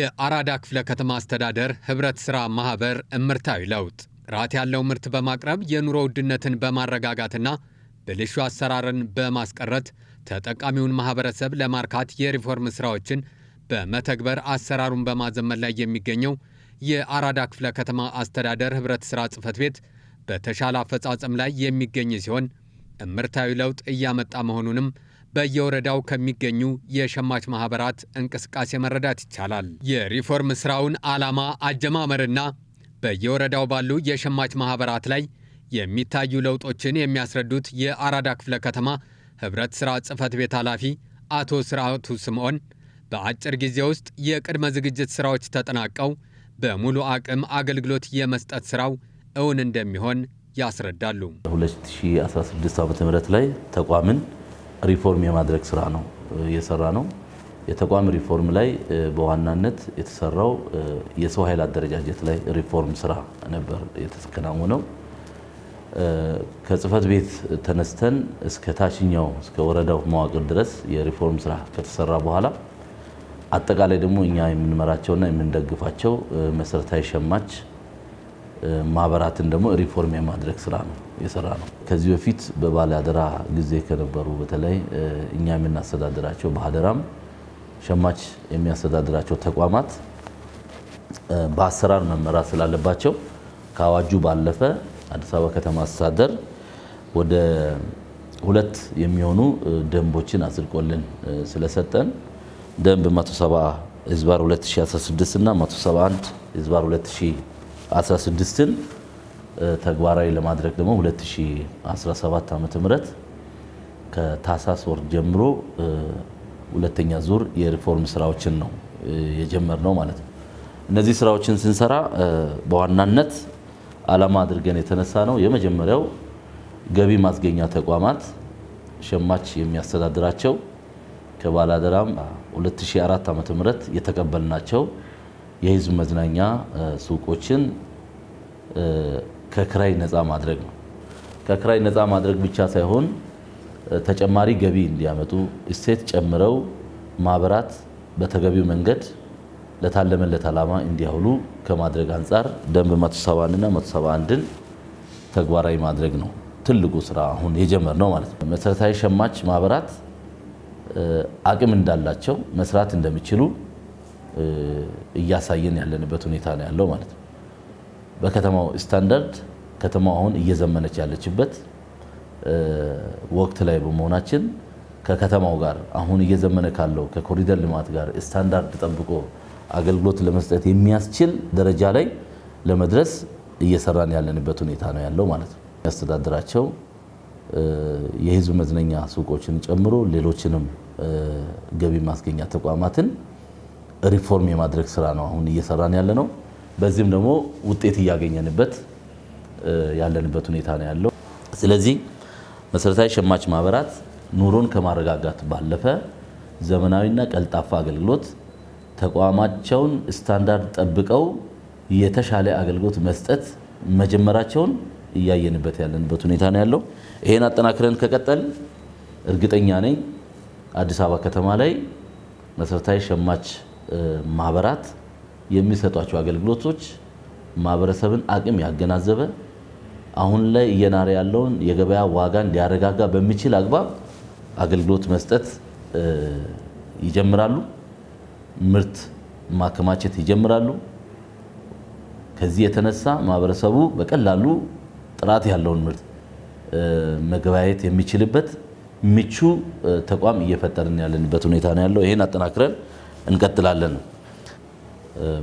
የአራዳ ክፍለ ከተማ አስተዳደር ህብረት ስራ ማህበር እምርታዊ ለውጥ ጥራት ያለው ምርት በማቅረብ የኑሮ ውድነትን በማረጋጋትና ብልሹ አሰራርን በማስቀረት ተጠቃሚውን ማህበረሰብ ለማርካት የሪፎርም ስራዎችን በመተግበር አሰራሩን በማዘመን ላይ የሚገኘው የአራዳ ክፍለ ከተማ አስተዳደር ህብረት ስራ ጽህፈት ቤት በተሻለ አፈጻጸም ላይ የሚገኝ ሲሆን እምርታዊ ለውጥ እያመጣ መሆኑንም በየወረዳው ከሚገኙ የሸማች ማህበራት እንቅስቃሴ መረዳት ይቻላል። የሪፎርም ስራውን ዓላማ አጀማመርና በየወረዳው ባሉ የሸማች ማህበራት ላይ የሚታዩ ለውጦችን የሚያስረዱት የአራዳ ክፍለ ከተማ ህብረት ስራ ጽህፈት ቤት ኃላፊ አቶ ስርዓቱ ስምዖን በአጭር ጊዜ ውስጥ የቅድመ ዝግጅት ስራዎች ተጠናቀው በሙሉ አቅም አገልግሎት የመስጠት ስራው እውን እንደሚሆን ያስረዳሉ። 2016 ዓ.ም ላይ ተቋምን ሪፎርም የማድረግ ስራ ነው እየሰራ ነው። የተቋም ሪፎርም ላይ በዋናነት የተሰራው የሰው ኃይል አደረጃጀት ላይ ሪፎርም ስራ ነበር የተከናወነው። ከጽህፈት ቤት ተነስተን እስከ ታችኛው እስከ ወረዳው መዋቅር ድረስ የሪፎርም ስራ ከተሰራ በኋላ አጠቃላይ ደግሞ እኛ የምንመራቸውና የምንደግፋቸው መሰረታዊ ሸማች ማህበራትን ደግሞ ሪፎርም የማድረግ ስራ ነው የሰራ ነው። ከዚህ በፊት አደራ ጊዜ ከነበሩ በተለይ እኛ የምናስተዳድራቸው በአደራም ሸማች የሚያስተዳድራቸው ተቋማት በአሰራር መመራት ስላለባቸው ከአዋጁ ባለፈ አዲስ አበባ ከተማ አስተዳደር ወደ ሁለት የሚሆኑ ደንቦችን አጽድቆልን ስለሰጠን ደንብ 170 ህዝባር 2016 እና 171 ህዝባር 2000 16ን ተግባራዊ ለማድረግ ደግሞ 2017 ዓ.ም ከታህሳስ ወር ጀምሮ ሁለተኛ ዙር የሪፎርም ስራዎችን ነው የጀመርነው ማለት ነው። እነዚህ ስራዎችን ስንሰራ በዋናነት ዓላማ አድርገን የተነሳ ነው። የመጀመሪያው ገቢ ማስገኛ ተቋማት ሸማች የሚያስተዳድራቸው ከባለአደራም 2004 የተቀበል የተቀበልናቸው የህዝብ መዝናኛ ሱቆችን ከክራይ ነፃ ማድረግ ነው። ከክራይ ነፃ ማድረግ ብቻ ሳይሆን ተጨማሪ ገቢ እንዲያመጡ እሴት ጨምረው ማብራት በተገቢው መንገድ ለታለመለት ዓላማ እንዲያውሉ ከማድረግ አንጻር ደንብ 171ና 171ን ተግባራዊ ማድረግ ነው ትልቁ ስራ አሁን የጀመርነው ማለት ነው። መሰረታዊ ሸማች ማህበራት አቅም እንዳላቸው መስራት እንደሚችሉ እያሳየን ያለንበት ሁኔታ ነው ያለው ማለት ነው። በከተማው ስታንዳርድ ከተማው አሁን እየዘመነች ያለችበት ወቅት ላይ በመሆናችን ከከተማው ጋር አሁን እየዘመነ ካለው ከኮሪደር ልማት ጋር ስታንዳርድ ጠብቆ አገልግሎት ለመስጠት የሚያስችል ደረጃ ላይ ለመድረስ እየሰራን ያለንበት ሁኔታ ነው ያለው ማለት ነው። የሚያስተዳድራቸው የህዝብ መዝነኛ ሱቆችን ጨምሮ ሌሎችንም ገቢ ማስገኛ ተቋማትን ሪፎርም የማድረግ ስራ ነው አሁን እየሰራን ያለ ነው። በዚህም ደግሞ ውጤት እያገኘንበት ያለንበት ሁኔታ ነው ያለው። ስለዚህ መሰረታዊ ሸማች ማህበራት ኑሮን ከማረጋጋት ባለፈ ዘመናዊና ቀልጣፋ አገልግሎት ተቋማቸውን ስታንዳርድ ጠብቀው የተሻለ አገልግሎት መስጠት መጀመራቸውን እያየንበት ያለንበት ሁኔታ ነው ያለው። ይሄን አጠናክረን ከቀጠል እርግጠኛ ነኝ አዲስ አበባ ከተማ ላይ መሰረታዊ ሸማች ማህበራት የሚሰጧቸው አገልግሎቶች ማህበረሰብን አቅም ያገናዘበ አሁን ላይ እየናረ ያለውን የገበያ ዋጋን ሊያረጋጋ በሚችል አግባብ አገልግሎት መስጠት ይጀምራሉ። ምርት ማከማቸት ይጀምራሉ። ከዚህ የተነሳ ማህበረሰቡ በቀላሉ ጥራት ያለውን ምርት መገበያየት የሚችልበት ምቹ ተቋም እየፈጠርን ያለንበት ሁኔታ ነው ያለው። ይህን አጠናክረን እንቀጥላለን።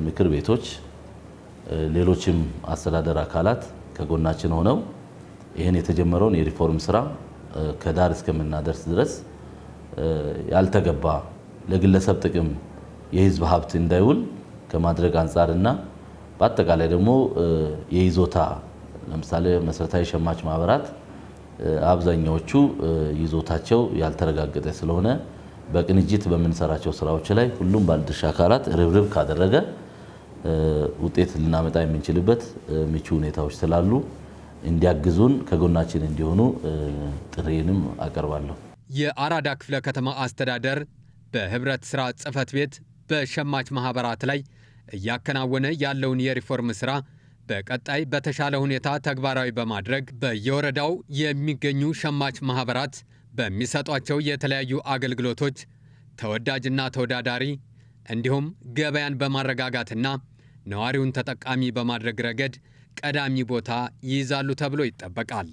ምክር ቤቶች፣ ሌሎችም አስተዳደር አካላት ከጎናችን ሆነው ይህን የተጀመረውን የሪፎርም ስራ ከዳር እስከምናደርስ ድረስ ያልተገባ ለግለሰብ ጥቅም የህዝብ ሀብት እንዳይውል ከማድረግ አንጻርና በአጠቃላይ ደግሞ የይዞታ ለምሳሌ መሰረታዊ ሸማች ማህበራት አብዛኛዎቹ ይዞታቸው ያልተረጋገጠ ስለሆነ በቅንጅት በምንሰራቸው ስራዎች ላይ ሁሉም ባለድርሻ አካላት ርብርብ ካደረገ ውጤት ልናመጣ የምንችልበት ምቹ ሁኔታዎች ስላሉ እንዲያግዙን ከጎናችን እንዲሆኑ ጥሪንም አቀርባለሁ። የአራዳ ክፍለ ከተማ አስተዳደር በህብረት ስራ ጽህፈት ቤት በሸማች ማህበራት ላይ እያከናወነ ያለውን የሪፎርም ስራ በቀጣይ በተሻለ ሁኔታ ተግባራዊ በማድረግ በየወረዳው የሚገኙ ሸማች ማህበራት በሚሰጧቸው የተለያዩ አገልግሎቶች ተወዳጅና ተወዳዳሪ እንዲሁም ገበያን በማረጋጋትና ነዋሪውን ተጠቃሚ በማድረግ ረገድ ቀዳሚ ቦታ ይይዛሉ ተብሎ ይጠበቃል።